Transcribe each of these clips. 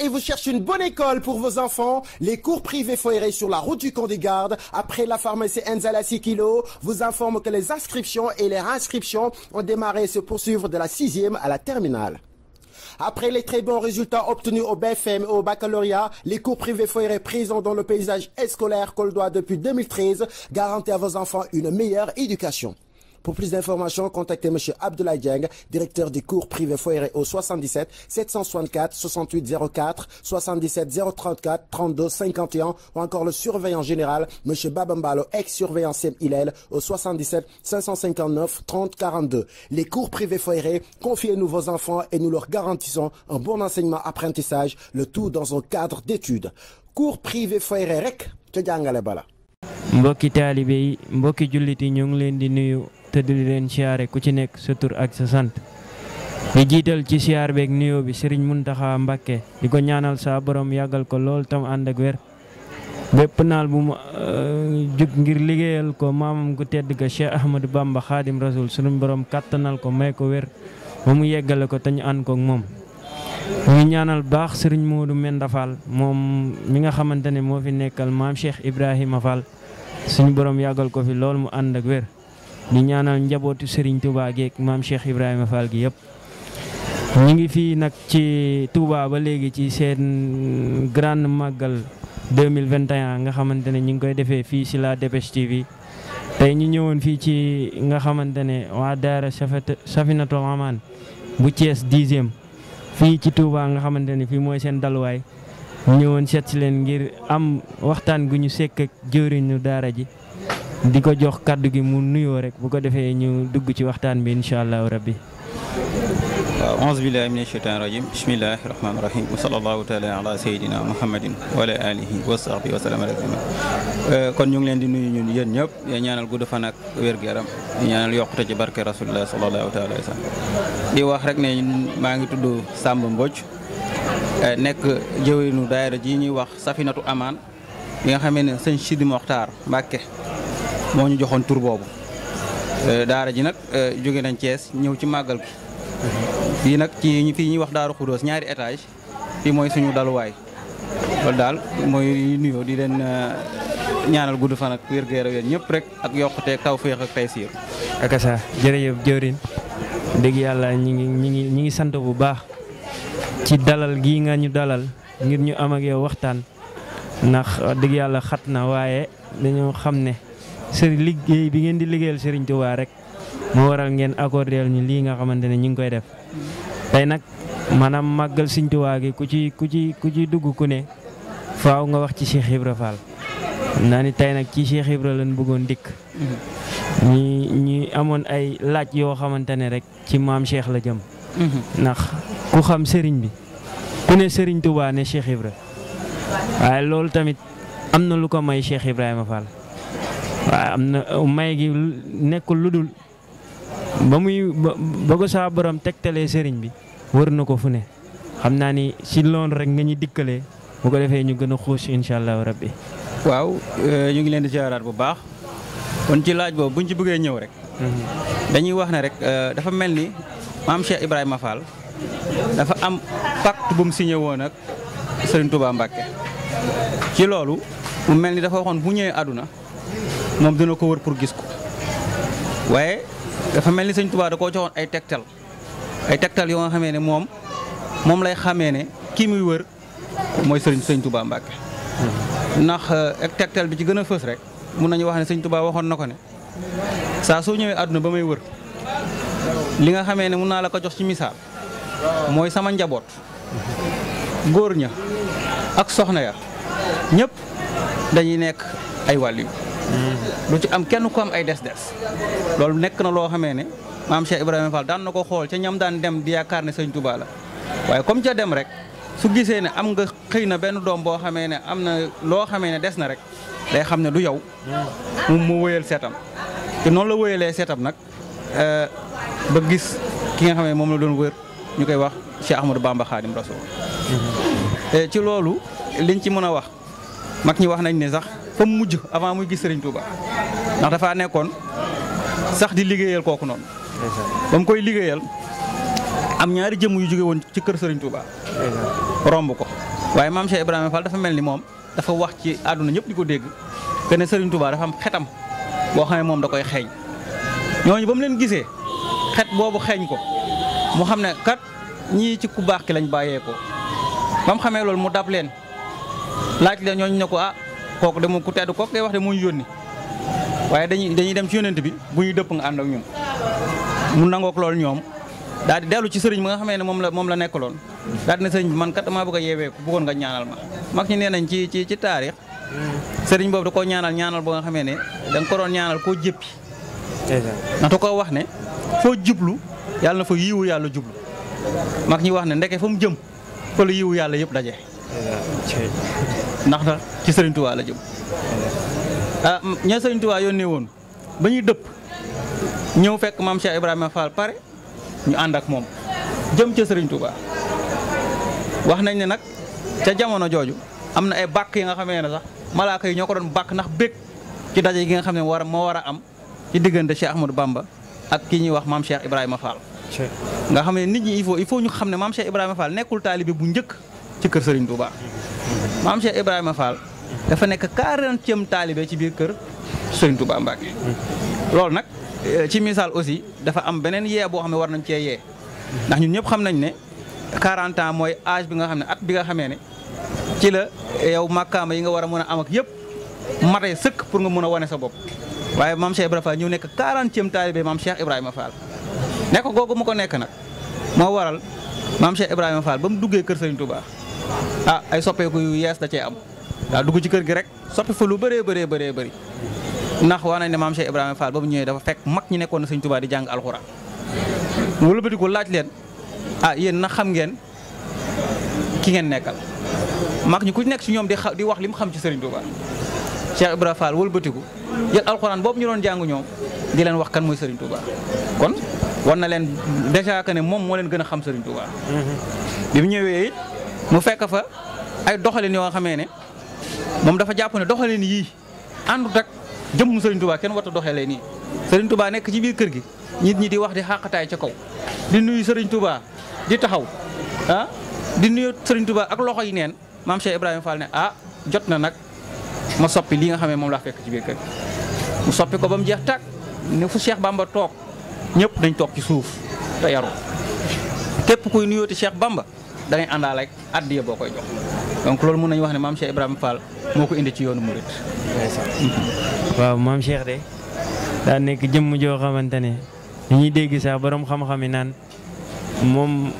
et vous cherchez une bonne école pour vos enfants, les cours privés foyerés sur la route du camp des gardes, après la pharmacie Enzala 6 vous informe que les inscriptions et les réinscriptions ont démarré et se poursuivre de la sixième à la terminale. Après les très bons résultats obtenus au BFM et au baccalauréat, les cours privés foirés présents dans le paysage scolaire coldois depuis 2013 garantissent à vos enfants une meilleure éducation. Pour plus d'informations, contactez M. Abdoulaye Dieng, directeur du cours privé Foyeré au 77 764 68 04 77 034 32 51 ou encore le surveillant général M. Babambalo, ex-surveillant ILEL au 77 559 30 42. Les cours privés Foyeré, confiez-nous vos enfants et nous leur garantissons un bon enseignement-apprentissage, le tout dans un cadre d'études. cours privé Foyeré, rek te gang bala te di leen siyaare ku ci nek sa tur ak sa sante di jital ci ciar bek nuyo bi Serigne muntaha mbake di ñaanal sa borom yagal ko lol tam and ak wer bepp nal bu euh, jug ngir ko mamam gu tedd ga Cheikh ahmed Bamba Khadim Rasoul sunu borom kàttanal ko may ko wer ba mu yeggale ko tan an ko mom ñu ñaanal bax Serigne Modou Menda mom mi nga xamantene mo fi nekkal mam Cheikh Ibrahima Fall suñu borom yagal ko fi lol mu and ak wer di ñaanal njabootu Serigne Touba geeg maam Cheikh Ibrahima Fall gi yëpp. ñu ngi fii nag ci Touba ba léegi ci seen grande màggal 2021 nga xamante ne ñu ngi koy defee fii si la Dépêche TV tey ñu ñëwoon fii ci nga xamante ne waa Daara Safinatul Amaan bu Thiès dixième fii ci Touba nga xamante ne fii mooy seen dalwaay ñëwoon seet si leen ngir am waxtaan gu ñu sekk ak daara ji. di ko jox kàddu gi mu nuyoo rek bu ko defee ñu dugg ci waxtaan bi incha allahu rabbi waaw auzu billahi min asheytan rajim bismillahi rahmani rahim wa sallallahu taala ala sayidina muhammadin wa ala alihi wa sahbi wa sallam eh, kon ñu ngi leen di nuyu ñun yéen ñëpp ñaanal gudd fan ak wér gu yaram ñaanal yokkute ci barke rasulullah sallallahu taala alayhi wa sallam di wax rek ne maa ngi tudd Samba Mbodj eh, nekk jëwrinu daayira ji ñuy wax safinatu amaan bi nga xamee ne sëñ Sidi Moxtaar mo ñu tour tur euh daara ji euh jóge nañ Thiès ñew ci magal gi yi nak ci fi ñi wax Daaru khudos ñaari étage fi moy suñu way loolu dal moy nuyo di len euh, ñaanal gudd fa nak wér gu yaram yéen rek ak yokkute tawféex ak taysiir. akasa jërëjëf jëwrin dëgg yàlla ñi ngi ñi ngi ñi ngi sant bu baax ci dalal gi nga ñu dalal ngir ñu am ak yow waxtaan ndax dëgg yalla xatna waye dañu xamne ne. sëriñ liggéey bi ngeen di liggéeyal Serigne Touba rek moo waral ngeen accordeel ñu lii nga xamante ne ñu koy def tey nag maanaam màggal Serigne Touba gi ku ci ku ci ku ci dugg ku ne faaw nga wax ci Cheikh Ibra Fall naa ni tey nag ci Cheikh Ibra bëggoon dikk ñi amoon ay laaj yoo xamante ne rek ci maam Cheikh la jëm ndax ku xam sëriñ bi ku ne Serigne Touba ne Cheikh Ibra waaye loolu tamit am na lu ko may Cheikh Ibrahima Fall waaw am na um, may gi nekkul lu dul ba muy ba ko saa borom tegtalee sëriñ bi wër na ko fu ne xam naa ni si loolu rek nga ñu dikkalee bu ko defee ñu gën a xuus incha allahu rabbi waaw euh, ñu ngi leen di ziaraat bu baax kon ci laaj boobu buñ ci bëggee ñëw rek. Mhm. dañuy wax ne rek euh, dafa mel ni maam Cheikh Ibrahima Fall dafa am pacte bu mu signé woon ak Serigne Touba Mbacke ci loolu mu mel ni dafa waxoon bu ñëwee àdduna. moom dina ko wër pour gis ko waaye dafa mel ni sëñ Tuubaa da koo joxoon ay tegtal ay tegtal yoo nga xamee ne moom moom lay xamee ne kii muy wër mooy sëriñ sëñ Tuubaa Mbàkke ndax eh, ak tegtal bi ci gën a fës rek mun nañu wax ne sëñ Tuubaa waxoon na ko ne saa soo ñëwee àdduna ba may wër li nga xamee ne mun naa la ko jox ci misaal mooy sama njaboot góor ña ak soxna ya ñépp dañuy nekk ay wàll lu ci am kenn ku am ay des-des loolu nekk na loo xamee ne maam Cheikh Ibrahima Fall daan na ko xool ca ñam daan dem di yaakaar ne sëñ Touba la waaye comme ca dem rek su gisee ne am nga xëy na benn doom boo xamee ne am na loo xamee ne des na rek day xam ne du yow mu mu wëyal seetam te noonu la wëyalee seetam nag euh, ba gis ki nga xam ne moom la doon wër ñu koy wax Cheikh Ahmadou Bamba Khadim Rasoul mm-hmm. euh, ci loolu liñ ci mën a wax mag ñi wax nañ ne sax fa mu mujj avant muy gis Serigne Touba ndax dafaa nekkoon sax di liggéeyal kooku noonu. ba mu koy liggéeyal am ñaari jëmm yu jóge woon ci kër Serigne Touba. romb ko waaye maam Cheikh Ibrahima Fall dafa mel ni moom dafa wax ci àdduna ñëpp di ko dégg que ne Serigne dafa am xetam boo xam ne moom da koy xeeñ ñooñu ba mu leen gisee xet boobu xeeñ ko mu xam ne kat ñii ci ku baax ki lañ bàyyee ko ba mu xamee loolu mu dab leen laaj leen ñooñu ne ko ah. kok demu ku tedd kooku day wax de moo ñu yónni dañuy dañuy dem ci yonent bi buñu depp nga ànd ak ñun mu nangok lol ñom dal di delu ci serigne bi nga xamé ne mom la mom la nekkaloon daal di ne serigne man kat damaa bëgg a ku bëggon nga ñaanal ma mak ñi nenañ ci ci ci taarix serigne bobu da ko ñaanal ñaanal bo nga xamé ne da nga ko doon ñaanal ko jëppi na to ko wax ne fo jublu yalla na fa yiwu yalla jublu mak ñi wax ne ndeke fu mu jëm fa la yiwu yalla yëpp dajé ndax da ci Serigne Touba la jëm ah ñe Serigne Touba yoni won Ibrahim depp ñew fekk mam Cheikh Ibrahima Fall pare ñu and ak mom jëm ci Serigne Touba wax nañ ne nak ca jamono joju amna ay bak yi nga xamé na sax malaka yi ñoko don bak nak bekk ci dajé gi nga xamné war mo wara am ci digënde Cheikh Ahmadou Bamba ak ki ñi wax mam Cheikh Ibrahima Fall. nga xamné nit ñi il faut il faut ñu xamné mam Cheikh Ibrahima Fall nekul talibé bu ñëk ci kër Serigne Touba. maam Cheikh Ibrahima Fall dafa nekk quarantième taalibe ci biir kër Serigne Touba Mbacke. loolu nag eh, ci misaal aussi dafa am beneen yee boo xam ne war nañ cee yee ndax ñun ñëpp xam nañ ne 40 ans mooy âge bi nga xam ne at bi nga xamee ne ci la eh, yow màkkaama yi nga war a mën a am ak yëpp matay sëkk pour nga mën a wane sa bopp. waaye maam Cheikh Ibrahima Fall ñu nekk quarantième taalibe maam Cheikh Ibrahima Fall nekk googu mu ko nekk nag moo waral maam Ibrahima Fall ba mu duggee kër Serigne ah ay soppeeku yu yes da ci am ah, da dugg ci kër gi rek soppé fa lu béré béré béré béré nax waa nañ ne maam Cheikh ibrahim Fall bamu mu dafa fekk mag ñi nekkoon na touba di jang alcorane wala bëti ko laaj leen ah yeen na xam ngeen ki ngeen nekkal mag ñi ku nekk ci ñom di di wax lim xam ci Sëriñ touba Cheikh ibrahim Fall ko jël alcorane boobu ñu doon jang ñom di leen wax kan moy Sëriñ touba kon war na leen déjà que ne moom moo leen gëna xam Sëriñ touba mhm. bimu ñëwé mu fekk fa ay doxalin yoo xamee ne moom dafa jàpp ne doxalin yii àndut ak jëmm Serigne Touba kenn warut a doxalee nii Serigne Touba nekk ci biir kër gi nit ñii di wax di xàqataay ca kaw di nuyu Serigne Touba di taxaw ah, di nuyu sëriñ Touba ak loxo yi neen maam Cheikh Ibrahima Fall ne ah jot na nag ma soppi lii nga xamee moom laa fekk ci biir kër mu soppi ko ba mu jeex tàkk ne fu Cheikh bàmba toog ñëpp dañ toog ci suuf te yaru képp kuy nuyooti Cheikh Bamba. da ngay àndaale ak addiya boo koy jox donc loolu mën nañu wax ne maam Cheikh Ibrahima Fall moo ko indi ci yoonu murit mhm. waaw maam Cheikh de daa nekk jëmm joo xamante ne ñuy dégg sax boroom xam-xam naan moom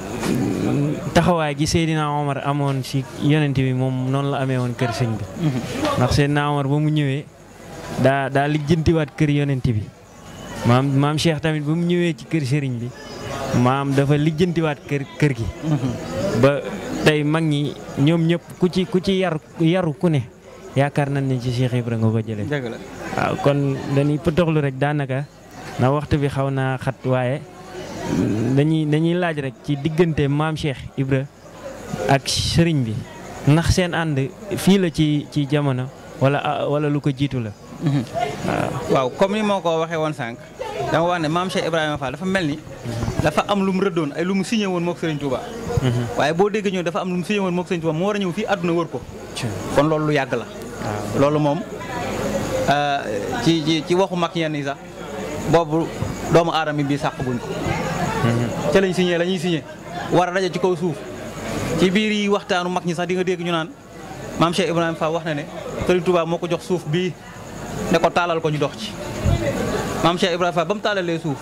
taxawaay gi Seydina Omar amoon ci yonent bi moom noonu la amee woon kër sëñ bi mhm. ndax Seydina Omar ba mu ñëwee daa daa lijjantiwaat kër yonent bi maam maam Cheikh tamit ba mu ñëwee ci kër sëriñ bi maam dafa lijjantiwaat kër kër gi. ba tey mag ñi ñoom ñëpp ku ci ku ci yar yaru ku ne yaakaar nañ ne ci Cheikh Ibra nga ko jëlee. dëgg waaw kon dañuy pëtoxlu rek daanaka na waxtu bi xaw naa xat waaye dañuy dañuy laaj rek ci diggante maam Cheikh Ibra ak sëriñ bi ndax seen ànd fii la ci ci jamono wala wala lu ko jiitu la. waaw comme ni moo ko waxee woon sànq dama wax ne maam Cheikh Ibrahima Fall dafa mel ni. dafa am lu mu rëddoon ay lu mu signé woon moog Serigne Touba. Mhm. waaye boo déggee ñëw dafa am lu mu signé woon moog Serigne Touba moo war a ñëw fii ko. kon loolu lu yàgg la. Euh, ci ci ci waxu mag ñenn yi sax doomu aadama bi sàq guñ ko. Mhm. ca lañ signé la a daje ci kaw suuf biir yi waxtaanu mag ñi di nga ñu naan maam Cheikh Ibrahima Fall wax na ne Serigne Touba moo ko jox suuf bii. ne ko taalal ko ñu dox ci maam Cheikh Ibrahima Fall ba mu taalalee suuf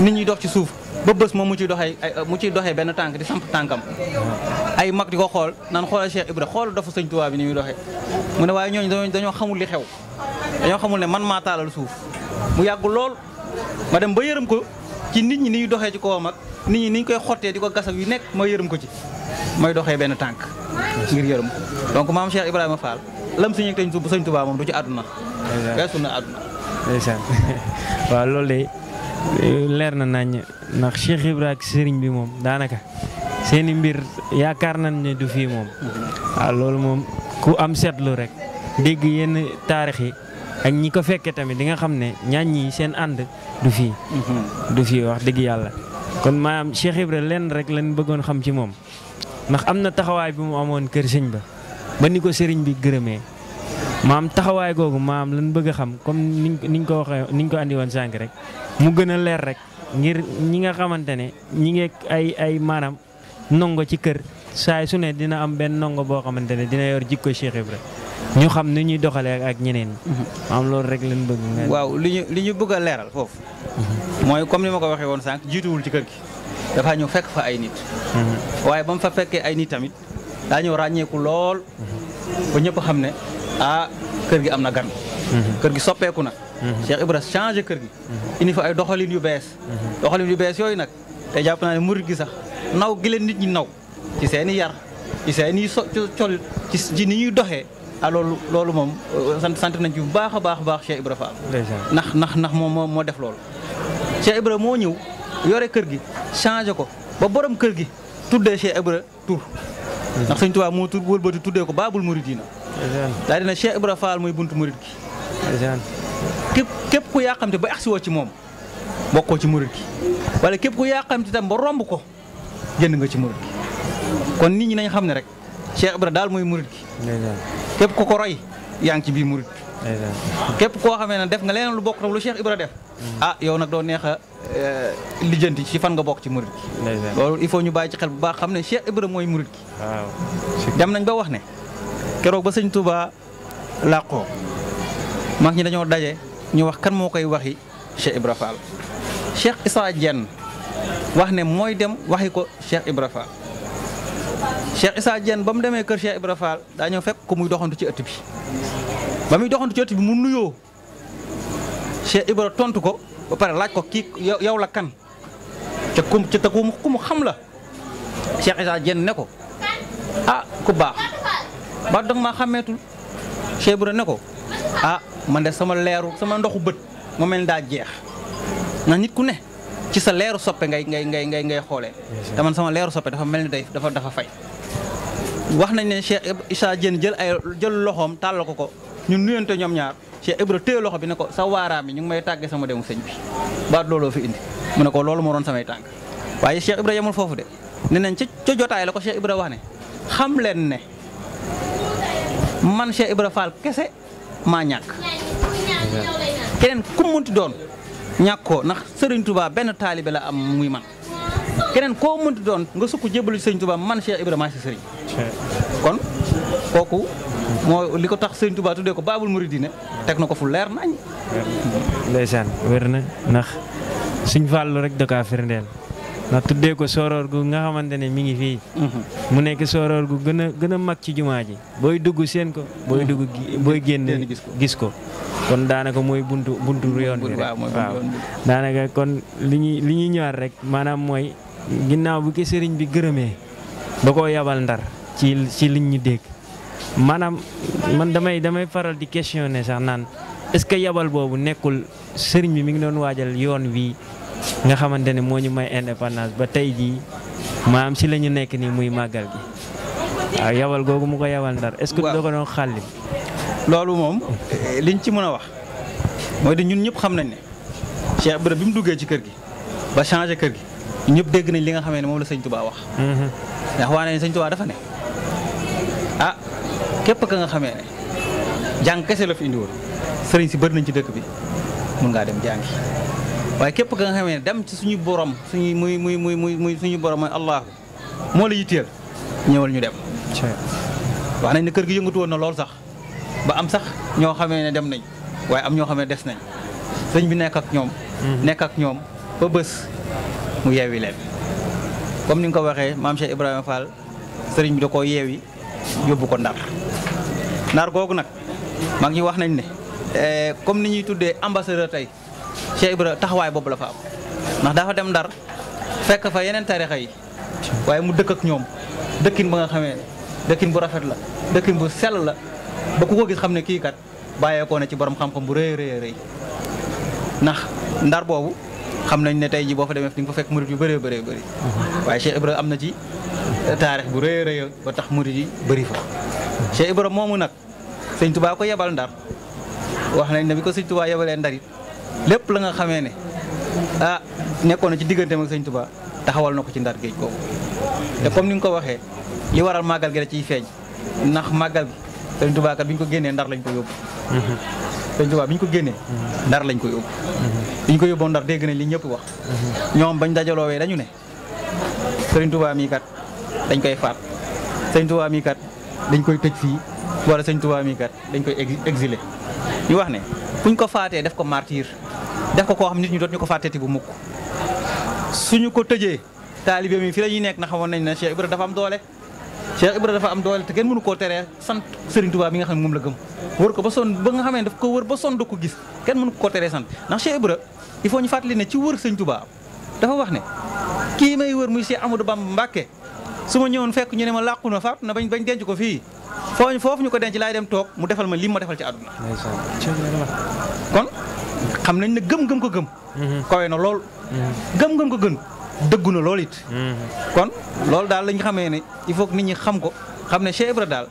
nit ñi dox ci suuf ba bés moom mu ciy doxee mu ciy doxee benn tànk di samp tànkam ay mag di ko xool naan xoolal Cheikh Ibrahima xool dafa sëñ Tuubaa bi ni muy doxee mu ne waaye ñooñu dañoo xamul li xew dañoo xamul ne man maa taalal suuf mu yàgg lool ma dem ba yërëm ko ci nit ñi ni ñu doxee ci kawam ak nit ñi niñ koy xottee di ko gas yu nekk ma yërëm ko ci may doxee benn tànk ngir yërëm ko donc maam Cheikh Ibrahima Fall lam si ñeeg teñ moom du ci àdduna weesu na àdduna ndeysaan waaw loolu de eh, leer na nañ ndax Cheikh ak sëriñ bi moom daanaka seeni mbir yaakaar nañ ne du fii moom waaw loolu moom ku am seetlu rek dégg yenn taarix ak ñi ko fekkee tamit di nga xam ne ñaan ñi seen ànd du fii mhm. du fii wax dëgg yàlla kon maanaam Cheikh Ibra lenn rek lañ bëggoon xam ci moom ndax am na taxawaay bi mu amoon kër sëñ ba ba ni ko sëriñ bi gërëmee maam taxawaay googu maam lan bëgg a xam comme niñ niñ ko waxee niñ ko andi woon sànq rek mu gën a leer rek ngir ñi nga xamante ne ñi ngeeg ay ay maanaam ndongo ci kër saay su ne dina am benn ndongo boo xamante ne dina yor jikko Cheikh Ibrahima ñu xam ni ñuy doxalee ak ñeneen mhm. loolu rek lañ bëgg. waaw li ñu li ñu bëgg a leeral foofu. Mhm. mooy comme ni ma ko waxee woon sànq jiituwul ci kër gi. dafa ñëw fekk fa ay nit. Mhm. waaye ba mu fa fekkee ay nit tamit daa ñëw ràññeeku lool. ba ñëpp xam ne ah kër gi am na gan. Mhm. kër gi soppeeku na. Mhm. Cheikh Ibra changé kër gi. Mhm. indi fa ay doxaliin yu bees. doxalin yu bees yooyu nag te jàpp naa ne murit gi sax naw gi leen nit ñi naw ci seeni yar ci seeni so col ci ni ñuy doxee. ah loolu loolu moom euh, sant sant nañ ci bu baax a baax baax Cheikh Ibra Fall ndax ndax nax moom moo moo def loolu Cheikh Ibra moo ñëw yore kër gi changé ko ba borom kër gi tuddee Cheikh Ibra tur ndax Sëñ Tuubaa moo tur wëlbati tuddee ko Baabul Muridiina dari dina Cheikh Ibra Fall muy buntu murit gi kep kep ku xamte ba agsi wo ci mom bokko ci murit gi wala kep ku xamte tam ba romb ko génn nga ci murit gi kon nit ñi nañ xamne rek Cheikh Ibra dal muy murit gi kep ku ko roy yaa ci biir def nga leneen lu bokk lu Cheikh Ibra def mm. ah yow nak do nexa a eh, lijeenti ci fan nga bokk ci murit gi lolou il faut ñu bàyyi ci xel bu baax xamne Cheikh Ibra mooy murit gi dem nañ ba wax ne kérok ba seigne Touba làqoo mag ñi dañoo daje ñu wax kan mo koy waxi Cheikh Ibra Fall Cheikh isa Diène wax né moy dem waxi ko Cheikh Ibra Fall Cheikh isa Diène bam démé kër Cheikh Ibra Fall daa ñëw fekk ko muy doxantu ci ëtt bi bamuy doxantu ci ëtt bi mu nuyo Cheikh Ibra tontu ko ba paré laaj ko ki yow la kan ci kum ci takum kum xam la Cheikh isa Diène ne ko ah ku baax. ba danga maa xàmmeetul Cheikh Ibra ne ko ah man de sama leeru sama ndoxu bët mu mel daa jeex na nit ku ne ci sa leeru soppe ngay ngay ngay ngay ngay xoolee te man sama leeru soppe dafa mel ni day dafa dafa fay wax nañ ne Cheikh Issa Diène jël ay jël loxoom tàllal ko ko ñu nuyante ñoom ñaar Cheikh Ibra téye loxo bi ne ko sa waaraam bi ñu ngi may tàggee sama demu sëñ bi baat looloo fi indi mu ne ko loolu moo doon samay tànk waaye Cheikh Ibra yemul foofu de ne nañ jotaay la ko Cheikh Ibra wax ne man Cheikh Ibra Fall kese maa ñàkk keneen ku doon doon ñàkkoo ndax sëriñ tubaa benn taalibe la am muy man keneen koo munti doon nga sukk jébbalu ci Serigne Touba man Cheikh Ibra maa si Serigne kon kooku moo li ko tax Serigne Touba tuddee ko Baabul Muridina teg na ko fu leer nañ ndeysaan wér na ndax suñ Fall rek da firndeel ndax tuddee ko sooroor gu nga xamante ne mu ngi fii mhm. mu nekk sooroor gu gën a gën a mag ci jumaa ji booy dugg seen ko booy dugg booy mhm. génn gis ko kon daanaka mooy buntu buntu yoon bi rek waaw daanaka kon li ñuy li ñuy ñëwaat rek maanaam mooy ginnaaw bu ki bi gërëmee da koo yabal ndar ci ci liñ ñu dégg maanaam man damay damay faral di questionner sax naan est-ce que yabal boobu nekkul sëriñ bi mu ngi doon waajal yoon wii nga xamantene ne ñu may indépendance ba tay ji maam si la ñu nekk ni muy magal gi waaw ah, yawal googu mu ko yawal ndar est-ce que do ko doon xalim lolu mom eh, liñ ci mëna wax moy di ñun ñëpp xam nañ ne Cheikh Ibra bi mu duggee ci kër gi ba changer kër gi ñëpp dégg nañ li nga xamé ne la sëñ Tuubaa wax hmm waa ne sëñ Tuubaa dafa né ah képp ka nga xamé né jang kessé la fi indiwoon sëriñ si bëri nañ ci dëkk bi mën nga dem jàngi waaye képp ka nga xamee ne dem ci suñu borom suñu muy muy muy muy muy suñu borom mooy Allahu moo la yitteel ñëwal ñu dem. wax nañ ne kër gi yëngatu woon na lool sax ba am sax ñoo xamee ne dem nañ waaye am ñoo xamee des nañ sëñ bi nekk ak ñoom. Mhm. nekk ak ñoom ba bés mu yeewi leen. comme ni nga ko waxee maam Cheikh Ibrahima Fall sëriñ bi da koo yeewi yóbbu ko ndar ndar googu nag mag ñi wax nañ ne eh, comme ni ñuy tuddee ambassadeur tey. Cheikh Ibra taxawaay boobu la fa am ndax dafa dem ndar fekk fa yeneen tarixa yi waaye mu dëkkak ñoom dëkkin ba nga xamee ne dëkkin bu rafet la dëkkin bu sel la ba ku ko gis xam ne kii kat bàyyeekoo na ci borom xam-xam bu rëy rëy rëy ndax ndar boobu xam nañ ne tey ji boo fa demee di nga fa fekk murit yu bëree bëree bëri mhm. waaye Cheikh Ibra am na ci taarix bu rëy rëy ba tax murit yi bëri fa Cheikh Ibra moomu nag sëñ Tuubaa ko yebal ndar wax nañ ne bi ko lépp la nga xamee ne ah nekkoon na ci diggante ak sëñ Touba taxawal na ko ci ndar géej googu te comme ni nga ko waxee li waral màggal gi da ciy feeñ ndax màggal gi sëñ Touba kat bi ñu ko génnee ndar lañ ko yóbbu. sëñ bi ñu ko génnee ndar lañ ko yóbbu. bi ñu ko dégg nañ li ñëpp wax. ñoom bañ dajaloowee dañu ne sëñ tubaa mii kat dañ koy faat sëñ Touba mii kat dañ koy tëj fii wala sëñ Touba mii kat dañ koy exilé ñu wax ne. buñ ko faatee def ko martyr def ko koo xam nit ñi doot ñu ko fàtteeti bu mukk ñu ko tëjee taalibe mi fi la nekk na xamoon nañ ne Cheikh Ibra dafa am doole Cheikh Ibra dafa am doole te kenn mënu koo teree sant Serigne Touba mi nga xam ne moom la gëm wër ko ba son ba nga xamee daf ko wër ba son da ko gis kenn mënu koo teree sant ndax Cheikh Ibra il faut ñu fàttali ne ci wër Serigne Touba dafa wax ne kii may wër muy Cheikh Amadou Bamba Mbacke su ma ñëwoon fekk ñu ne ma làqu na faatu na bañ bañ denc ko fii fooñ foofu ñu ko denc laay dem toog mu defal ma lim ma defal ci àdduna kon xam nañ ne gëm-gëm ko gëm mhm. kawe na lool mhm. gëm-gëm ko gën dëggu na lool it mhm. kon loolu daal lañ xamee ne il faut que nit ñi xam ko xam ne Cheikh Ibra daal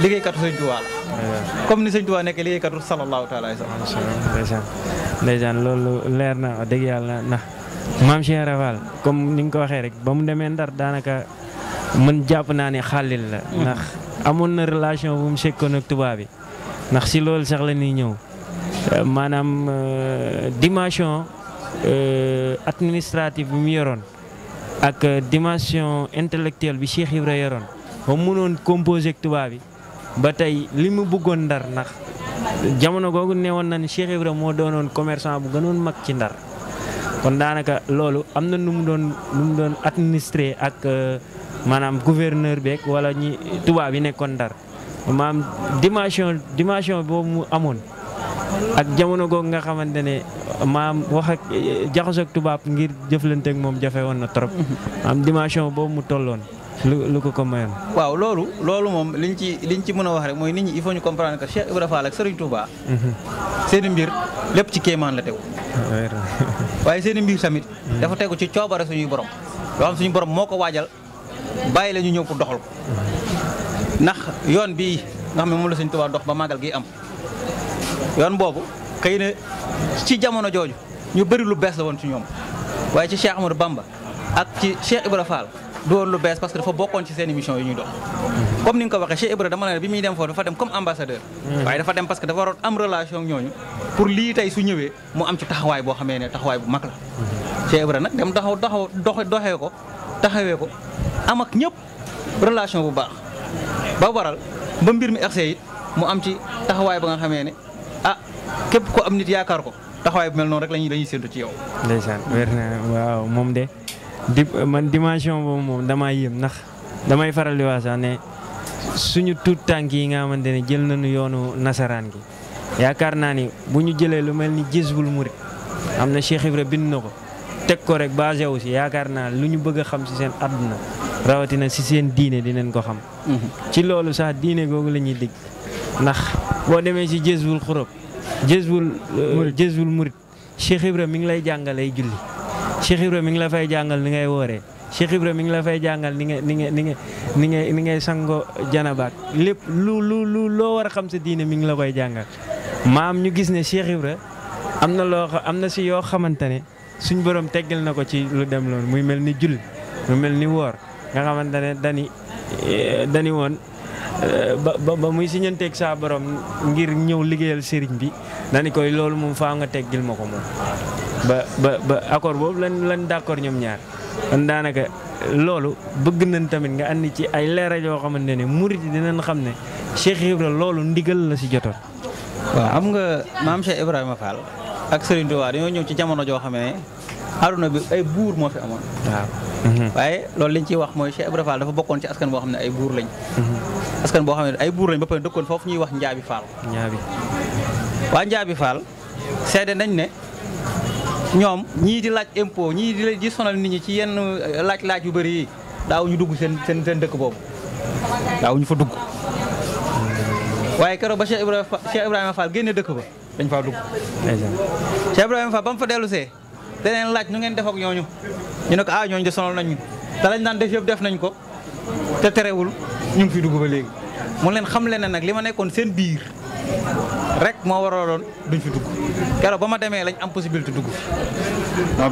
liggéeykatu sëñ Tuubaa la comme ni sëñ Tuubaa nekkee liggéeykatu sallallahu taala alayhi wa sallam ndeysaan loolu leer na dëgg yàlla na maam Cheikh Rafal comme ni man jàpp naa ne xàllil la. Mm. ndax amoon na relation bu mu sekkoon ak tubaab bi ndax si loolu sax la ñuy ñëw euh, maanaam euh, dimension euh, administrative bi mu yoroon ak dimension intellectuelle bi Cheikh Ibra yoroon ba mu composé ak tubaab bi ba tey li mu buggoon ndar ndax jamono googu neewoon na ni Cheikh moo doonoon commerçant bu gënoon mag ci ndar kon daanaka loolu am na nu mu doon nu ak. manam gouverneur bek wala ñi tuba bi nekkon dar maam dimension dimension bo mu amone ak jamono go nga xamantene manam maam wax ak ak tuba ngir jëflante ak mom jafe won na trop maam dimension bo mu tollon lu ko ko mayon waaw lolu lolu mom liñ ci liñ ci mëna wax rek moy nit ñi il faut ñu comprendre que Cheikh ibrahima ak Serigne Touba mhm. seen mbir lepp ci kéemaan la tegu waaye seen mbir tamit dafa tegu ci coobare suñu borom yoo xam suñu borom moko wajal bàyyi lañu ñëw pour doxal ko nax yoon bi nga xam mo la Sëñ Tuubaa dox ba magal gi am yoon bobu xëy ci jamono joju ñu bari lu bess la won ci ñom waye ci Cheikh Amadou Bamba ak ci Cheikh Ibra Fall do woon lu bess parce que dafa bokkon ci seen émission yi ñuy dox comme ni nga waxe Cheikh Ibra dama la bi mi dem fo dafa dem comme ambassadeur waye dafa dem parce que dafa war am relation ak ñoñu pour li tay su ñëwé mu am ci taxaway bo xamé né taxaway bu mak la Cheikh Ibra nak dem taxaw taxaw doxé ko taxawé ko am ak ñëpp relation bu baax ba waral ba mbir mi egsee it mu am ci taxawaay ba nga xamee ne ah képp ko am nit yaakaar ko taxawaay bu mel noonu rek lañuy dañuy séntu ci yow. ndeysaan wér waaw moom de di dimension boobu moom damaa yëm ndax damay faral di wax sax ne suñu tuut tànk yi nga xamante ne jël nañu yoonu nasaraan gi. yaakaar naa ni bu ñu jëlee lu mel ni mu rek am na Cheikh Ibra bind na ko teg ko rek basé wu si yaakaar naa lu ñu bëgg a xam si seen àdduna rawatina si seen diine di dinañ ko xam. Mhm. ci loolu sax diine googu la ñuy digg ndax boo demee si jëzbul xurub jëzbul. Euh, jëzbul murit Cheikh Ibra mi ngi lay jàngalee julli Cheikh mi ngi la fay jàngal ni ngay wooree. Cheikh Ibra mi ngi la fay jàngal ni nga ni nga ni nga ni nga ni ngay sango janabaat lépp lu lu loo war a xam sa diine mi ngi la koy jàngal maam ñu gis ne Cheikh Ibra am na loo am na si yoo xamante ne suñ borom teggal na ko ci lu dem loolu muy mel ni julli mu mel ni woor nga xamante ne dani eh, dani woon eh, ba ba muy siñanteeg saa borom ngir ñëw liggéeyal sëriñ bi dani koy loolu moom faa nga teggil ma ko moom ba ba ba accord boobu lan lan d'accord ñoom ñaar kon daanaka loolu bëgg nañ tamit nga andi ci ay leeral yoo xamante ne murit yi xam ne Cheikh Ibra loolu ndigal la si jotoon waaw xam nga maam Cheikh Ibrahima Fall ak Serigne Touba dañoo ñëw ci jamono joo xam ne bi ay buur moo fi amoon waaw Mhm. waaye loolu liñ ciy wax mooy Cheikh Ibra Fall dafa bokkoon ci askan boo xam ne ay buur lañ mhm. askan boo xam ne ay buur lañ ba pare dëkkoon foofu ñuy wax Njaabi Fall waa Njaabi Fall seede nañ ne ñoom ñii di laaj impo ñii di di sonal nit ñi ci yenn euh, laaj-laaj yu bari yi daawuñu dugg seen seen dëkk boobu daawuñu fa dugg mhm. waaye keroog ba Cheikh Ibrahima Cheikh génne dëkk ba dañ faa dugg Cheikh Ibrahima Fall ba fa dellusee dañen laaj nu ngeen def ak ñooñu ñu nak ko ah ñooñu de sonal nañ ñu lañ daan def yëpp def nañ ko te terewul ñu ngi fi dugg ba légui mu leen xam leen nak lima nekkon seen biir rek moo waraloon duñ fi dugg kéro bama démé lañ am possibilité dugg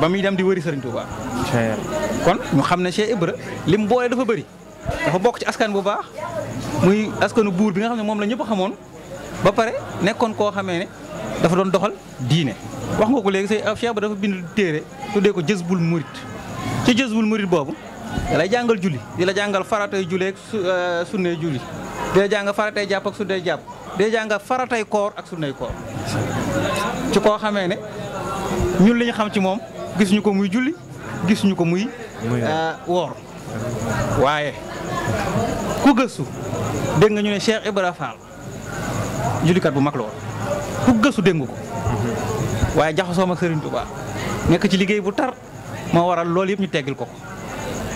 ba muy dem di wëri Serigne Touba kon ñu xam ne Cheikh Ibra lim boole dafa bëri dafa bok ci askan bu baax muy askanu buur bi nga xam ne moom la ñëpp xamoon ba paré nekkon ko xamé ne dafa doon doxal diine wax nga ko legi sey euh, Cheikh ba dafa bindu téere tuddee ko jezbul murit ci jezbul murit bobu dala jangal jàngal julli di la jàngal faratay julli ak euh, sunnee julli di jang jàngal faratay jàpp ak sunnee japp di jang jàngal faratay koor ak sunnee koor ci ko xamee ne ñun liñu xam ci mom gis ñu ko muy julli gis ñu ko muy wor euh, waaye ku gëstu deeng nga ñu ne Cheikh ibrahim Fall kat bu mag ku gëstu deeng ko waye jaxasoo ak Serigne Touba nek ci liggey bu tar mo waral lol yëpp ñu teggil ko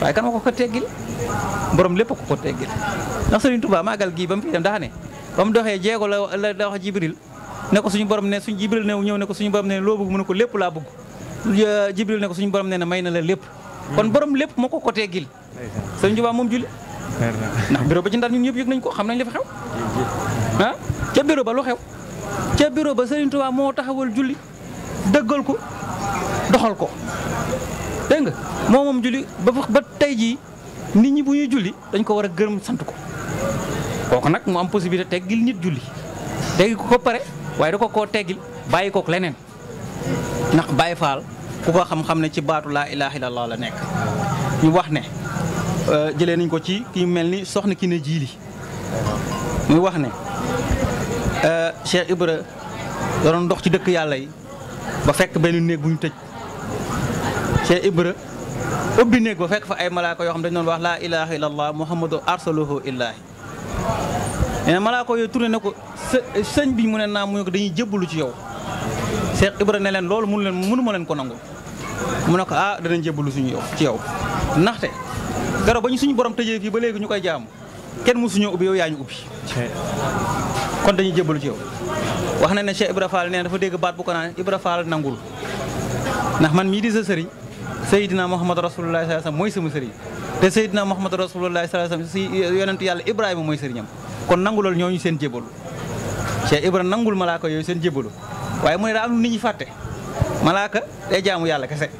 waye kan ma ko teggil borom lepp ko ko teggil ndax Serigne Touba màggal gii ba fi dem daa ne ba jéego la wax Jibril nek ko suñu borom ne suñu Jibril ne ñew ne ko suñu borom ne lo bëgg mu ne ko lepp la bëgg euh, Jibril ne ko suñu borom ne may na la lepp kon hmm. borom lepp moko ko teggil Serigne Touba mom julli ndax bureau ba ci ndar ñun ñep yëg nañ ko xam nañ la fi xew ha ah, ci bureau ba lu xew ci bureau ba Serigne Touba mo taxawal julli dëggal ko doxal ko dégg nga moom moom julli ba ba tey jii nit ñi bu ñuy julli dañ ko war a gërëm sant ko kooku nag mu am possibilité teggil nit julli teggil ko ko pare waaye da ko koo teggil bàyyi kook leneen ndax bàyyi faal ku ko xam-xam ne ci baatu laa ilaha illallah la nekk ñu wax ne euh, jëlee nañ ko ci ki mel ni soxna ki ne jiili muy wax ne euh, Cheikh Ibra da doon dox ci dëkk yàlla yi ba fekk benn néeg bu ñu tëj Cheikh Ibra ubbi néeg ba fekk fa ay malaaka yoo xam dañu doon wax laa ilaha illallah muhammadu arsaluhu illahi nee na malaaka yooyu tourné na ko sëñ bi ñu mu ne naa mu ne dañuy jébbalu ci yow Cheikh Ibra ne leen loolu mënu leen mënu ma ko nangu mu ne ko ah danañ jébbalu suñu yow ci yow ndaxte garab ba ñu suñu borom tëjee fii ba léegi ñu koy jaamu kenn mësuñoo ubbi yow yaa ñu ubbi kon dañuy jébbalu ci yow wax na ne Cheikh Ibra Fall nee na dafa dégg baat bu ko naan Ibra Fall nangul ndax man mii di sa sëriñ Seydina Muhammad Rasulullah sallallahu alayhi wasallam mooy sama sëriñ te Seydina Muhammad Rasulullah sallallahu alayhi wasallam si yonentu yàlla Ibrahima mooy sëriñam kon nangulool ñooñu seen jébbalu Cheikh Ibra nangul malaaka yooyu seen jébbalu waaye mu ne daa am lu nit ñi fàtte malaaka day jaamu yàlla kese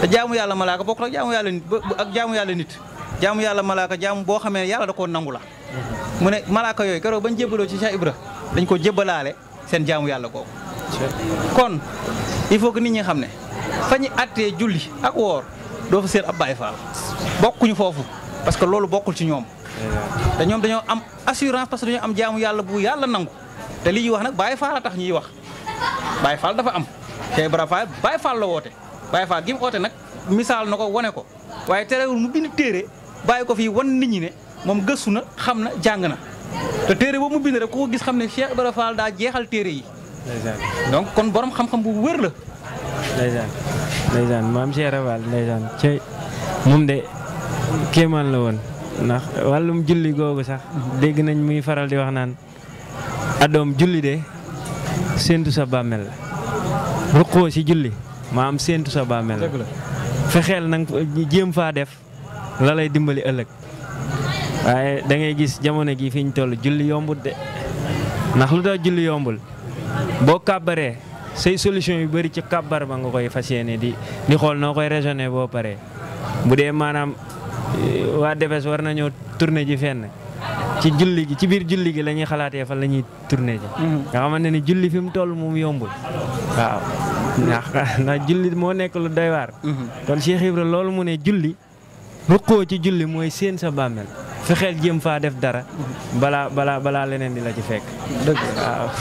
te jaamu yàlla malaaka bokk ak jaamu yàlla nit ak jaamu yàlla nit jaamu yàlla malaaka jaamu boo xamee ne yàlla da koo nangu la mu ne malaaka yooyu keroog bañ jébbaloo ci Cheikh Ibra dañ ko jébbalaale seen jaamu yàlla kooku kon il faut que nit ñi xam ne fa ñu attee julli ak woor doo fa seen ab Baay Faal bokkuñu foofu parce que loolu bokkul ci ñoom dañoom ñoom dañoo am assurance parce que dañoo am jaamu yàlla bu yàlla nangu te li ñuy wax nag Baay Faal a tax ñuy wax Baay Faal dafa am Cheikh Ibra Fall Baay Faal la woote Baay Faal gi oote nag misaal na ko wane ko waaye bàyyi ko fii wan nit ñi ne moom gëstu na xam na jàng na te téere boobu mu bind rek ku ko gis xam ne Cheikh Ibrahima Fall daa jeexal téere yi. donc kon boroom xam-xam bu wér la. ndeysaan ndeysaan maam Cheikh Ibrahima Fall ndeysaan moom de kéemaan la woon ndax wàllum julli googu sax dégg nañ muy faral di wax naan adoom julli de séentu sa bàmmeel la ruqoo si julli maam séentu sa bàmmeel la fexeel nag jéem faa def. la lay dimbali ëlëk waaye da ngay gis jamono gi fiñ toll julli yombul de ndax lu tax julli yombul boo kàbbaree say solution yu bari ci kàbbar ba nga koy fas di di xool noo koy raisonné boo paree bu dee maanaam eh, waa defes war nañoo tourner ji fenn ci julli gi ci biir julli gi la ñuy xalaatee fan la ñuy ji mm-hmm. nga xamante ne julli fi toll moom yombul waaw ndax ndax julli moo nekk lu doy waar mm-hmm. kon Cheikh loolu mu ne julli ruqoo ci julli mooy séen sa bàmmeel fexeel jëm faa def dara balaa balaa balaa leneen di la ci fekk. dëgg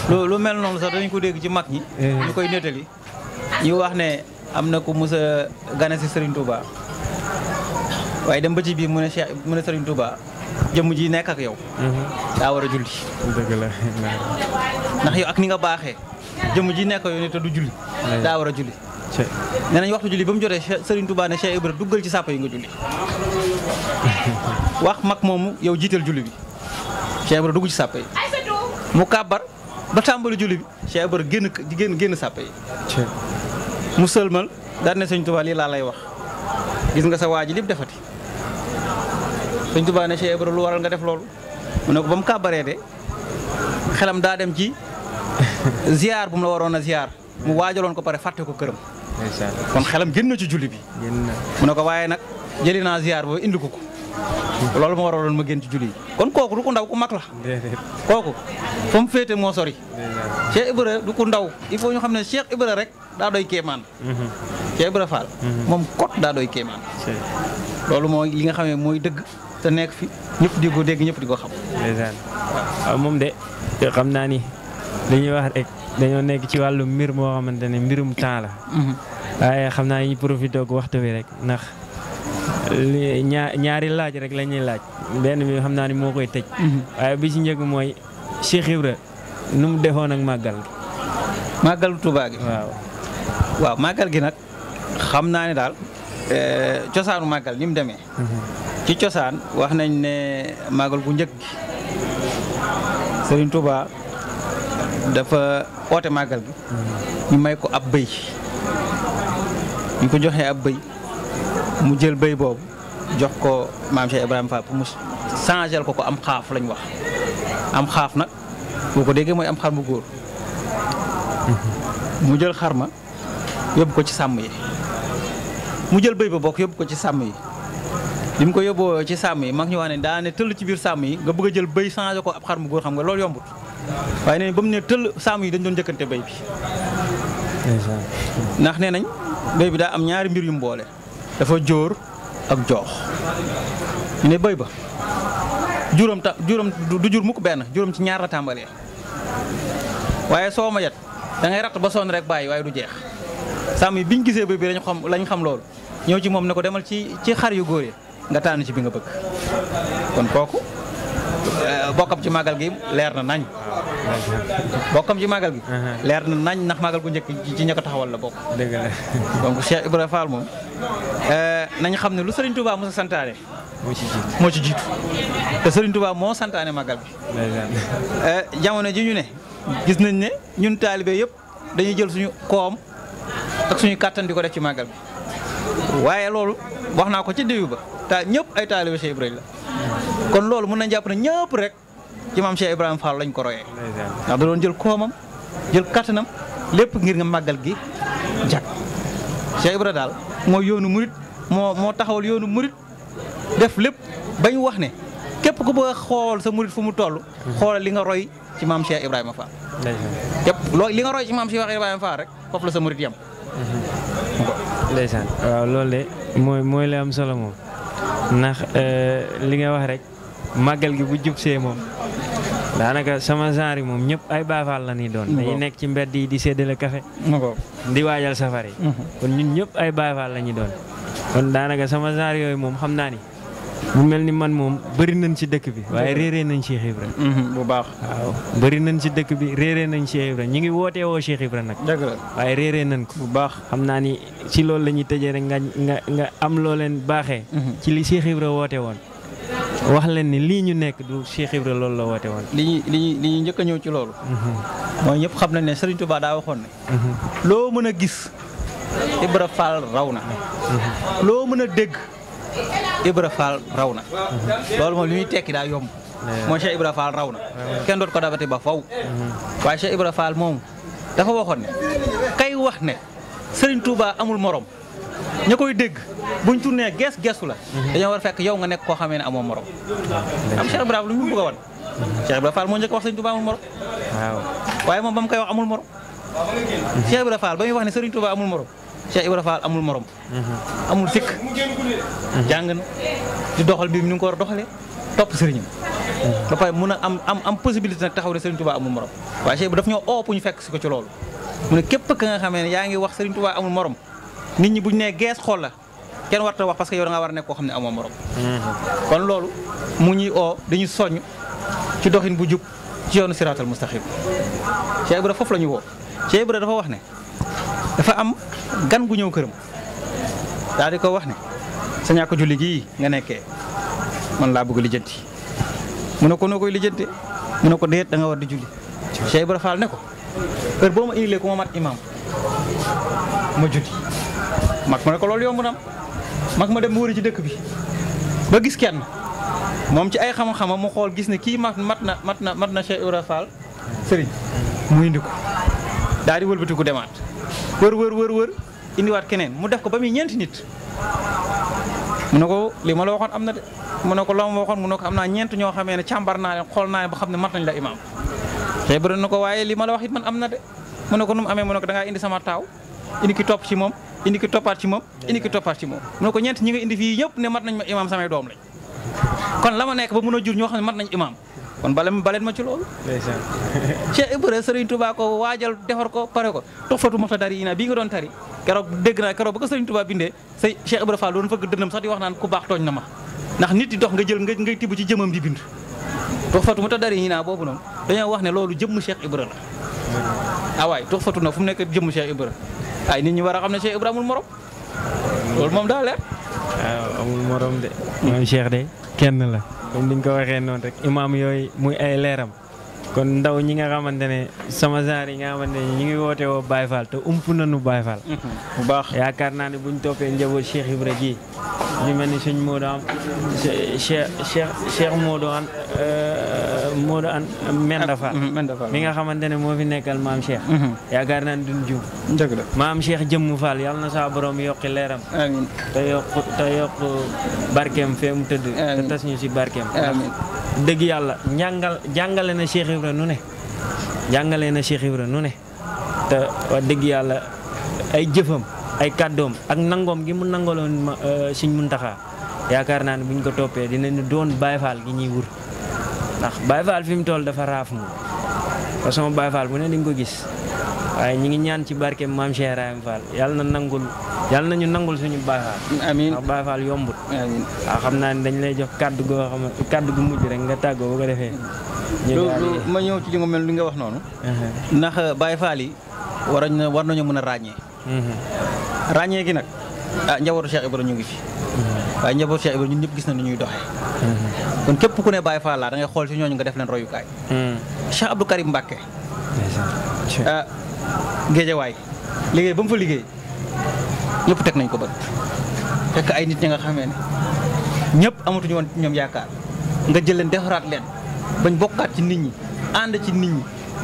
waaw lu mel noonu sax dañ ko dégg ci mag ñi. Eh. ñu koy nettali ñu wax ne am na ku mus a gane si Serigne Touba waaye dem ba ci biir mu ne Cheikh mu ne Serigne Touba ji nekk ak yow. Mm-hmm. daa war a julli. dëgg ndax yow ak ni nga baaxee jëmm ji nekk yow ne du julli. Eh. daa war a julli. nee nañ waxtu julli ba mu jotee Serigne Touba ne Cheikh Ibra duggal ci sàppa yi nga julli wax mag moomu yow jiital julli bi Cheikh Ibra dugg ci sàppa yi mu kàbbar ba tàmbali julli bi Cheikh Ibra génn génn génn sàppa yi mu sëlmal daal ne Serigne lii laa lay wax gis nga sa waa ji li defati Serigne Touba ne Cheikh Ibra lu waral nga def loolu mu ne ko ba mu kàbbaree de xelam daa dem ci ziar bu mu la waroon a ziar mu waajaloon ko pare fàtte ko këram kon xelam génn ci julli bi. mu ne ko waaye nag jëli naa ziar boobu indi ko ko. loolu moo waraloon ma génn ci julli yi kon kooku du ko ndaw ku mag la. kooku fa mu féete moo sori. Cheikh Ibra du ko ndaw il faut ñu xam ne Cheikh Ibra rek daa doy kéemaan. Mhm. Cheikh Ibra Fall. Mhm. moom kot daa doy kéemaan. loolu mooy li nga xam ne mooy dëgg te nekk fi ñëpp di ko dégg ñëpp di ko xam. Ah, moom de xam naa ni li ñuy wax rek. dañoo nekk ci wàllu mbir moo xamante ne mbirum temps la. Mhm. waaye xam naa ñu profité ak waxtu bi rek ndax li ñaari laaj rek la ñuy laaj benn bi xam naa ni moo koy tëj. Mhm. waaye bi ci njëkk mooy Cheikh Ibra nu mu defoon ak màggal gi. màggalu Tuubaa gi waaw. waaw màggal gi nag xam naa ne daal eh, cosaanu màggal ni mu demee. Mhm. ci cosaan wax nañ ne màggal gu njëkk gi Serigne Touba. dafa oote màggal gi ñu may ko ab bëy ñu ko joxee ab bëy mu jël bëy boobu jox ko maam Cheikh Ibrahima Fall pour mu changel ko ko am xaaf lañ wax am xaaf nag boo ko déggee mooy am xar góor mu jël xar ma yóbbu ko ci sàmm yi mu jël bëy ba bokk yóbbu ko ci sàmm yi li mu ko yóbboo ci sàmm yi mag ñu wax ne daane tëll ci biir sàmm yi nga bëgg jël bëy changé ko ab xar mu góor xam nga loolu yombut waaye nee nañ ba mu ne tëll saamu yi dañ doon njëkkante béy bi ndax nee nañ béy bi daa am ñaari mbir yu mboole dafa jóor ak joox ñu ne béy ba juróom ta juróom du jur mukk benn juróom ci ñaar la tàmbalee waaye soo ma yet da ratt ba sonn rek bàyyi waaye du jeex sàmm yi biñ gisee béy bi lañ xam lañ xam loolu ñëw ci moom ne ko demal ci ci xar yu góor yi nga tànn ci bi nga bëgg kon kooku Euh, bokkam ci màggal gi leer na nañ bokkam ci màggal gi uh-huh. leer na nañ ndax màggal gu njëkk ci ña ko taxawal la bokk dëgg la donc Cheikh moom euh, nañ xam ne lu Serigne Touba mos moo ci jiitu moo ci jiitu te Serigne santaane màggal bi euh, jamono ji ñu ne gis nañ ne ñun taalibe yëpp dañuy jël suñu koom ak suñu kàttan di ko def ci màggal bi waaye loolu wax naa ko ci début ba ta ñëpp ay taalibe Cheikh Ibrahima la kon loolu mën nañ japp ne ñepp rek ci mam Cheikh ibrahim Fall lañ ko royé ndax da doon jël koomam jël katanam lepp ngir nga magal gi jak Cheikh ibrahim dal mo yoonu murid mo mo taxawal yoonu murid def lepp bañ wax ne kep ku bëgg xol sa murid fu mu tollu xol li nga roy ci mam Cheikh ibrahim Fall kep loo li nga roy ci mam Cheikh ibrahim Fall rek fofu la sa murid yam ndeysaan waaw loolu de mooy mooy am solo moom ndax euh, li nga wax rek màggal gi bu jub see moom daanaka sama genre yi moom ñëpp ay baafaal la ñuy doon. dañuy nekk ci mbedd yi di séddale café di waajal safari. Mhm. kon ñun ñëpp ay baafaal la ñuy doon. kon daanaka sama genre yooyu moom xam naa ni mu mel ni man moom bari nañ ci dëkk bi waaye réeree nañ Cheikh Ibra mhm, bu baax waaw bëri nañ ci dëkk bi réeree nañ Cheikh Ibra ñu ngi wootee woo Cheikh Ibra nag dëgg la waaye réeree nañ ko bu baax xam naa ni ci loolu la ñuy tëjee rek nga nga nga am loo leen baaxee mhm. ci li si Ibra woote woon wax leen ni lii ñu nekk du Cheikh Ibra loolu la woote woon li ñuy li ñuy njëkk ñëw ci loolu mhm. mooy ñëpp xam nañ ne Serigne Touba daa waxoon ne loo mën a gis Ibra Fall raw na loo mën a dégg Ibra Fall raw na loolu moom li muy tekki daa yomb mooy Cheikh Ibra Fall raw na kenn doot ko dabati ba faw mm-hmm. waaye Cheikh Ibra Fall moom dafa waxoon ne kay wax ne Serigne Touba amul morom ña koy dégg buñ tourné gees geesu la mm-hmm. dañoo war fekk yow nga nekk koo xamee ne amoo morom am Cheikh Ibra lu mu bëgg a wan mm-hmm. Cheikh Ibra Fall moo njëkk wax Serigne Touba amul morom waaye moom ba mu koy wax amul morom Cheikh Ibra ba muy wax ne Serigne Touba amul morom Cheikh ibrahim Fall amul morom amul fik jàng di doxal bi mu ngi ko war a doxalee topp sëriñam ba pare mun am am am possibilité nak taxaw ne Serigne Touba amul morom wa Cheikh Ibra daf ñoo oop ñu fekk ci ko ci lool mu kep ka nga xamé ya nga wax Serigne Touba amul morom nit ñi buñ né gees xol la kenn warta wax parce que yow da nga war nek ko xamné amul morom kon lool mu ñi o dañu soñ ci doxine bu juk ci yoonu siratal mustaqim Cheikh ibrahim foofu lañu wo Cheikh ibrahim dafa wax né dafa am gan gu ñew kërëm daal di ko wax ne sa ak julli gi nga nekké man la bëgg lijjanti mu ne ko no koy lijjante mu ne ko deet da nga war di julli Cheikh ibrahim Fall ne ko heure ma mat imam ma julli mak ma ne ko lol yomb nam mak ma dem wóori ci dëkk bi ba gis kenn mom ci ay xam xam mu xol gis ne ki mat mat na mat na mat na Cheikh ibrahim Fall serigne mu indi ko daal di wëlbeutiku demat wër wër wër wër indiwaat keneen mu def ko ba muy ñeenti nit mu ne ko li la waxoon am na de mu ne ko la ma waxoon mu ne ko am naa ñeent ñoo xamee ne càmbar naa leen xool naa leen xam ne mat nañ la imaam xeebare na ko waaye li ma la wax it man am na de mu ne ko nu mu amee mu ne ko da indi sama taaw indi ki topp ci moom indi ki toppaat ci moom indi ki toppaat ci moom mu ne ko ñeent ñi nga indi fii ñëpp ne mat nañ ma imaam samay doom lañ kon la ma nekk ba mën a jur ñoo xam ne mat nañ imaam kon bale baleen ma ci loolu Cheikh Ibra Serigne Touba ko waajal defar ko pare ko toxfatu mox ta dari yi naa bii nga doon tari keroog dégg naa keroog ba ko Serigne Touba bindee say Cheikh Ibra Fall doon sax di wax naan ku baax tooñ na ma ndax nit di dox nga jël nga ngay tibb ci jëmam di bind toxfatu mox ta dari yi naa boobu noonu dañoo wax ne loolu jëmm Cheikh Ibra la mm-hmm. awaay ah, toxfatu na fu mu nekk jëmm Cheikh Ibra ay nit ñi war a xam ne Cheikh Ibra amul morom loolu moom daa leer waaw amul morom de. maam Cheikh de kenn la comme ni ko waxee noonu rek imaam yooyu muy ay leeram kon ndaw ñi nga xamante ne sama genre yi nga xamante ne ñu ngi woote woo Baye Fall te ump nañu Baye Fall. bu baax yaakaar naa ne buñ toppee njaboot Cheikh Ibra gi ñu mel ni sëñ Modou am Cheikh Cheikh Cheikh Modou euh, mm-hmm, Menda Fall mi nga xamante ne moo fi nekkal maam Cheikh mm-hmm. yaakaar naa duñ juum dëgg la maam Cheikh jëmm Fall yàlla na saa borom yokki leeram amiin te barkeem fee mu tëdd te tas ñu si barkeem dëgg yàlla njàngal jàngale na Cheikh nu ne jàngale na Cheikh Ibra nu ne te dëgg yàlla ay jëfam ay kàddoom ak nangom gi mu nangalon eh, seigne Muntaxa yaakaar naa buñ ko toppee dinañu doon Baay Faal gi ñi wur ndax Baay fim fi mu toll dafa raaf moom façon Baay Faal bu ne dañ ko gis ay ñi ngi ñaan ci barké maam Cheikh Fall yalla na nangul yàlla nañu nangul suñu Baay Faal amin ndax yombut amin xam naa dañ lay jox kaddu go xam kaddu gu mujj rek nga taggo bu ko defee ma ñew ci li mel li nga wax nonu ndax yi warañ ràññee gi nag ah njabootu Cheikh Ibrahima ñu ngi fi mm-hmm. waaye njabootu Cheikh Ibrahima ñun gis na ni ñuy doxee mm-hmm. kon képp ku ne Baye Fall laa da ngay xool ci ñooñu nga def leen royukaay mm. Cheikh Abdou Karim Mbacke ah géejawaay liggéey ba mu fa liggéey ñëpp teg nañ ko bët fekk ay nit ñi nga xamee ne ñëpp amatuñu woon ñoom yaakaar nga jël leen defaraat leen bañ ci nit ñi ci nit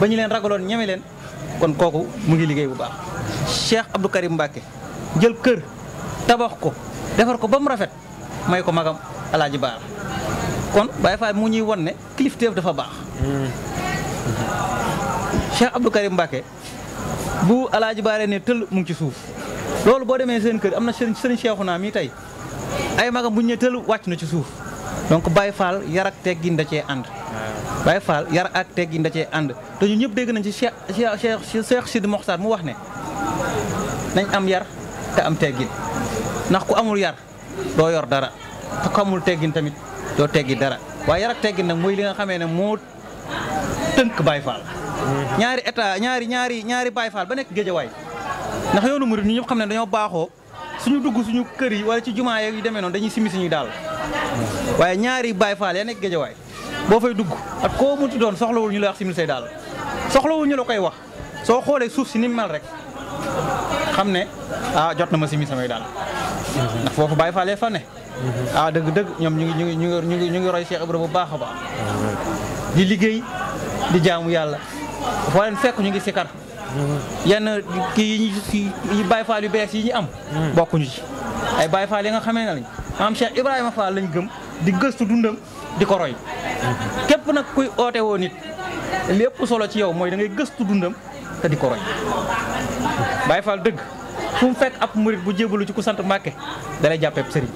ñi kon kooku mu ngi liggéey bu baax Cheikh Abdou Karim jël kër tabax ko defar ko ba mu rafet may ko magam alaaji baara kon Baye Fall mu ñuy won ne kilifteef dafa baax Cheikh Abdou Karim Mbacke bu alaaji baare ne tëll mu ci suuf loolu boo demee seen kër am na sëriñ sëriñ naa mii tey ay magam bu ñu ne wàcc na ci suuf donc Baye Fall yar ak teggin cee ànd Baye Fall yar ak teggin da cee and te ñu ñep deg nañ ci Cheikh Cheikh Cheikh Mokhtar mu wax ne nañ am yar te am teggin nak ku amul yar do yor dara te ku amul teggin tamit do teggi dara waaye yar ak teggin nak moy li nga xamé ne mo teunk Baye Fall. ñaari état ñaari ñaari ñaari Baye Fall ba nekk way nak yoonu murid ñu ñep xamné dañu baxo suñu dugg suñu kër yi wala ci jumaa yi demee non dañuy simi suñu dal waye ñaari Baye Fall ya way bo fay dugg ak ko mu doon wu ñu lay wax simil say dal wu ñu la koy wax so xolé suuf ci ni mel rek xamne ah jotna na ma simi samay dal fofu baye falé fa ne mhm. ah deug deug ñom ñu ngi ñu ngi ñu ngi ñu ngi roy cheikh ibrahima bu baaxa ba mhm. di liggey di jaamu yalla fo len fekk ñu ngi sikar mhm. yenn ki yi baye fall yu bes yi ñi am bokku ñu ci ay baye fall yi nga xamé na lañ am cheikh ibrahima fall lañ gëm di geustu dundam di ko roy képp nag kuy oote woon it lépp solo ci yow mooy dangay ngay gëstu dundam te di ko Faal dëgg fu fekk ab murit bu jébalu ci ku sant Mbàkke dalay jàppee sëriñ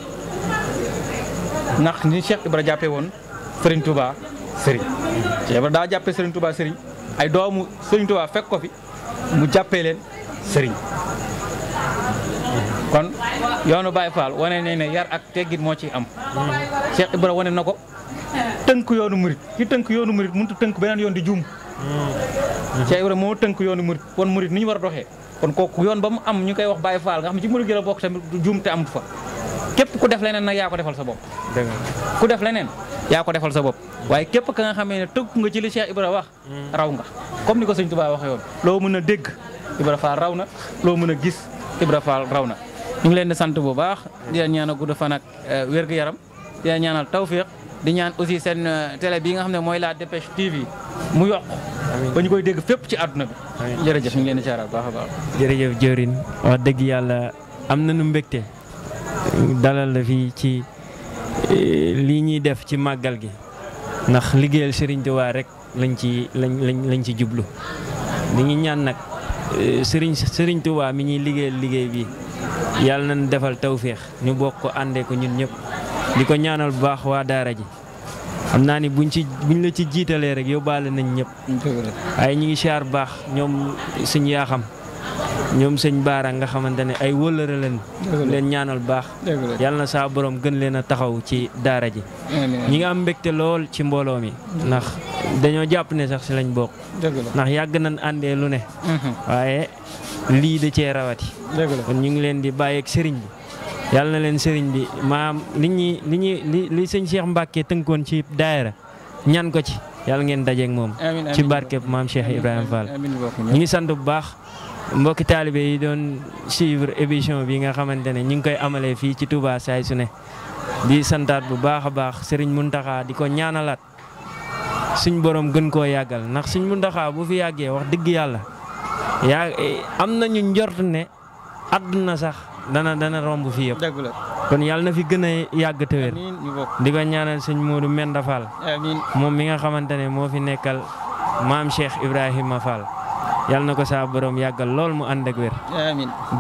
ndax ni Cheikh Ibra jàppee woon sëriñ Touba sëriñ Cheikh Ibra daa jàppee sëriñ Touba sëriñ ay doomu sëriñ Touba fekk ko fi mu jàppee leen sëriñ kon yoonu Baay Faal wane ne ne yar ak teggit moo ci am Cheikh Ibra wane na ko tënk yoonu murid ki tënk yoonu murid muntu a tënk beneen yoon di jum, hmm. Cheikh Ibrahima mo tënk yoonu murid kon murit ni ñu war a doxee ku kooku yoon bam am ñu koy wax Baye Fall nga xam ne ci murit gi la bokk tamit du juum te am fa. kep ku def lenen nag ya ko defal sa bopp. ku def lenen ya ko defal sa bopp hmm. waaye kep ka nga xamee ne tënk nga ci li Cheikh Ibrahima wax. Hmm. raw nga comme ni ko tu Tuubaa waxee lo loo a dig, ibra Fall raw na loo a gis ibra Fall raw na ñu ngi leen di sant bu baax di ñaanal gudd eh, yaram di nyana ñaanal di ñaan aussi seen euh, télé bii nga xam ne mooy la Dépêche TV mu yokk ba ñu koy dégg fépp ci àdduna bi. jërëjëf ñu ngi leen di baax a baax. jërëjëf Diorine wax yàlla am nañu mbégte dalal la fii ci eh, lii ñuy def ci màggal gi ndax liggéeyal Serigne Touba rek lañ ci lañ lañ lañ ci jublu di ñu ñaan nag eh, Serigne Serigne Touba mi ñuy liggéeyal liggéey bi yàlla nañ defal tawféex ñu bokk ko àndee ko ñun ñëpp. di ko ñaanal bu baax waa daara ji xam naa ni buñ ci buñ la ci jiitalee rek yóbbaale nañ ñëpp. waaye ñu ngi siyaar baax ñoom sëñ Yaxam ñoom sëñ Baara nga xamante ne ay wëllëre leen. leen ñaanal baax. yàlla na saa borom gën leen a taxaw ci daara ji. ñi ngi am mbégte lool ci mbooloo mi. ndax dañoo jàpp ne sax si lañ bokk. ndax yàgg nañ àndee lu ne. Mhm. waaye lii da cee rawati. kon ñu ngi leen di bàyyeeg sëriñ bi. yàlla na leen sëriñ bi maam li ñuy li ñuy li li sëñ Cheikh Mbacke tënkoon ci daayira ñan ko ci yàlla ngeen dajeeg moom. ci barkeb maam Cheikh Ibrahima Fall. ñu ngi sant bu baax mbokki taalibe yi doon suivre émission bi nga xamante ne ñu ngi koy amalee fii ci Touba saay su ne. di santaat bu baax a baax sëriñ Muntaxa di ko ñaanalaat suñ borom gën koo yàggal ndax suñ Muntaxa bu fi yàggee wax dëgg yàlla yaa am nañu njort ne àdduna sax. dana dana romb fii yëpp. la kon yàlla na fi gën a yàgg te wér. di ko ñaanal sëñ Modou Menda Fall. moom mi nga xamante ne moo fi nekkal maam Cheikh Ibrahima Fall. yàlla na ko saa borom yàggal lool mu ànd ak wér.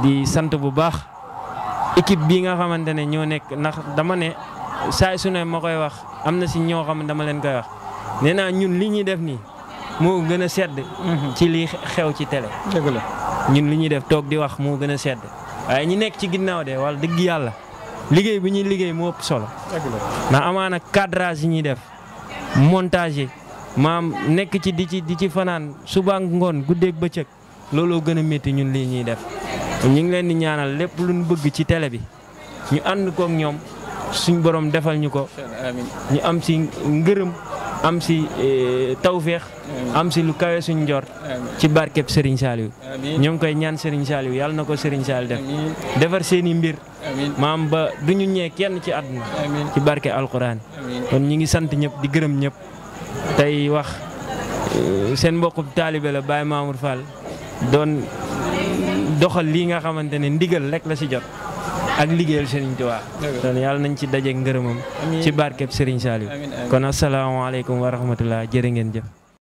di sant bu baax équipe bii nga xamante ne ñoo nekk ndax dama ne saa su ne ma koy wax am na si ñoo xam dama leen koy wax nee naa ñun li ñuy def nii moo gën a sedd. Mhm. ci li xew ci télé. dëgg la ñun li ñuy def toog di wax moo gën a sedd. waaye ñi nekk ci ginnaaw de wala dëgg yàlla liggéey bu ñuy liggéey moo ëpp solo. ndax amaana cadrage yi ñuy def montage yi maam nekk ci di ci di ci fanaan suba ngoon guddeeg bëccëg looloo gën a métti ñun lii ñuy def. ñu ngi leen di ñaanal lépp luñ bëgg ci télé bi ñu ànd kook ñoom suñ borom defal ñu ko. ñu am si ngërëm. am si eh, tawféex am si lu kawe suñ njort ci barkeb Serigne Saliou ñoo ngi koy ñaan Serigne Saliou yàlla na ko Serigne Saliou def defar seeni mbir maam ba du ñu ñee kenn ci àdduna ci barke alquran kon ñu ngi sant ñëpp di gërëm ñëpp tey wax eh, seen mbokku taalibe la Baye Mamour Fall doxal lii nga xamante ne ndigal rek la si jot ak liggéeyal Serigne Touba loolu yàlla nañ ci daje dajeeg ngërëmam ci barkeb Serigne Saliou kon asalaamaaleykum wa rahmatullah jërë ngeen jëf